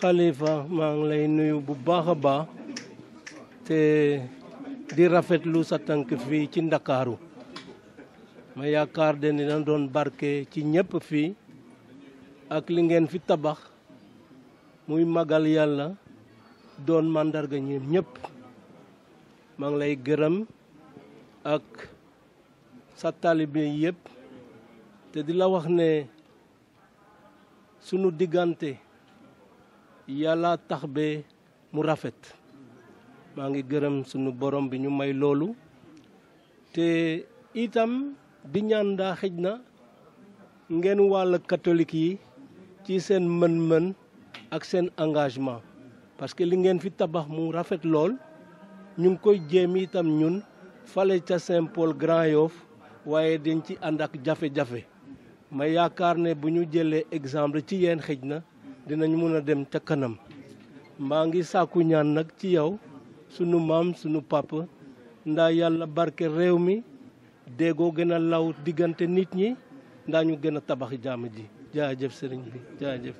xalifa maa ngi lay nuyu bu baax a baax te di rafetlu sa tànk fii ci ndakaaru ma yaakaar de dina doon barke ci ñëpp fii ak li ngeen fi tabax muy magal yàlla doon màndarga ñi ñëpp maa ngi lay gërëm ak sa taalibe yëpp te di la wax ne sunu diggante yàlla tax ba mu rafet maa ngi gërëm sunu borom bi ñu may loolu te itam di ñaan xej na ngeen wàll katolik yi ci seen mën-mën ak seen engagement parce que li ngeen fi tabax mu rafet lool ñu ngi koy jéem itam ñun fale ca seen paul Grand-Yoff waaye dañ ci ànd ak jafe-jafe ma yaakaar ne bu ñu jëlee exemple ci yéen xëj na dinañu mën a dem ca kanam maa ngi saaku ñaan nag ci yow sunu maam sunu pàpp ndaa yàlla barke réew mi déggoo gën a law diggante nit ñi ndaa ñu gën a tabax jàmm ji jaajëf sëriñ bi jaajëf